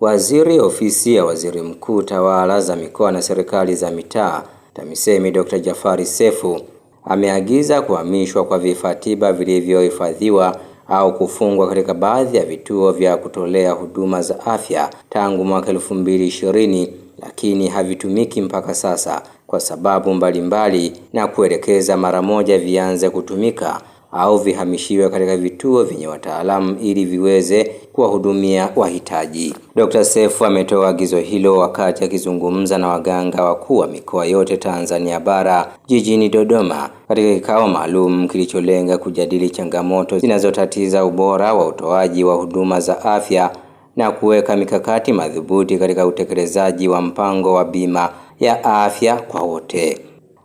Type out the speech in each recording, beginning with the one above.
Waziri Ofisi ya Waziri Mkuu Tawala za Mikoa na Serikali za Mitaa TAMISEMI Dr. Jafari Sefu ameagiza kuhamishwa kwa vifaa tiba vilivyohifadhiwa au kufungwa katika baadhi ya vituo vya kutolea huduma za afya tangu mwaka elfu lakini havitumiki mpaka sasa kwa sababu mbalimbali mbali, na kuelekeza mara moja vianze kutumika au vihamishiwe katika vituo vyenye wataalamu ili viweze kuwahudumia wahitaji. Dkt. Sefu ametoa agizo hilo wakati akizungumza na waganga wakuu wa mikoa yote Tanzania bara jijini Dodoma katika kikao maalum kilicholenga kujadili changamoto zinazotatiza ubora wa utoaji wa huduma za afya na kuweka mikakati madhubuti katika utekelezaji wa mpango wa bima ya afya kwa wote.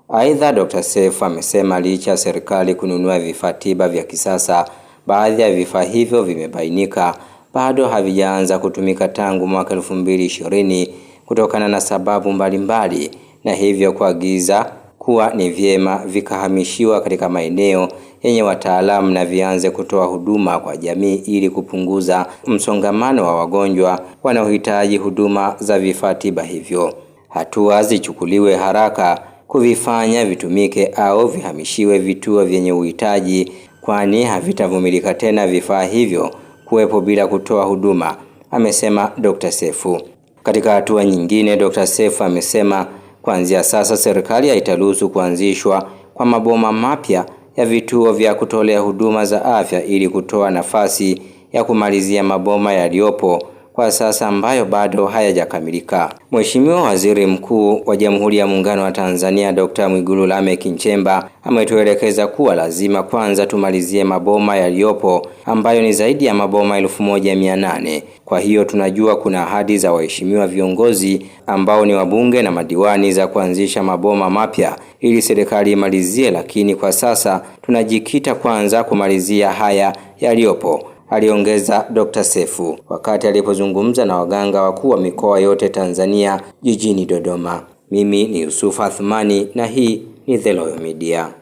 Aidha, Dr. Sefu amesema licha ya serikali kununua vifaa tiba vya kisasa, baadhi ya vifaa hivyo vimebainika bado havijaanza kutumika tangu mwaka 2020 kutokana na sababu mbalimbali mbali, na hivyo kuagiza kuwa ni vyema vikahamishiwa katika maeneo yenye wataalamu na vianze kutoa huduma kwa jamii ili kupunguza msongamano wa wagonjwa wanaohitaji huduma za vifaa tiba. Hivyo hatua zichukuliwe haraka kuvifanya vitumike au vihamishiwe vituo vyenye uhitaji, kwani havitavumilika tena vifaa hivyo kuwepo bila kutoa huduma, amesema Dr. Sefu. Katika hatua nyingine, Dr. Sefu amesema kuanzia sasa serikali haitaruhusu kuanzishwa kwa maboma mapya ya vituo vya kutolea huduma za afya ili kutoa nafasi ya kumalizia maboma yaliyopo kwa sasa ambayo bado hayajakamilika. Mheshimiwa Waziri Mkuu wa Jamhuri ya Muungano wa Tanzania Dr. Mwigulu Lameck Nchemba ametuelekeza kuwa lazima kwanza tumalizie maboma yaliyopo ambayo ni zaidi ya maboma elfu moja mia nane. Kwa hiyo tunajua kuna ahadi za waheshimiwa viongozi ambao ni wabunge na madiwani za kuanzisha maboma mapya ili serikali imalizie, lakini kwa sasa tunajikita kwanza kumalizia haya yaliyopo aliongeza Dr. Sefu wakati alipozungumza na waganga wakuu wa mikoa yote Tanzania jijini Dodoma. Mimi ni Yusufu Athmani na hii ni The Loyal Media.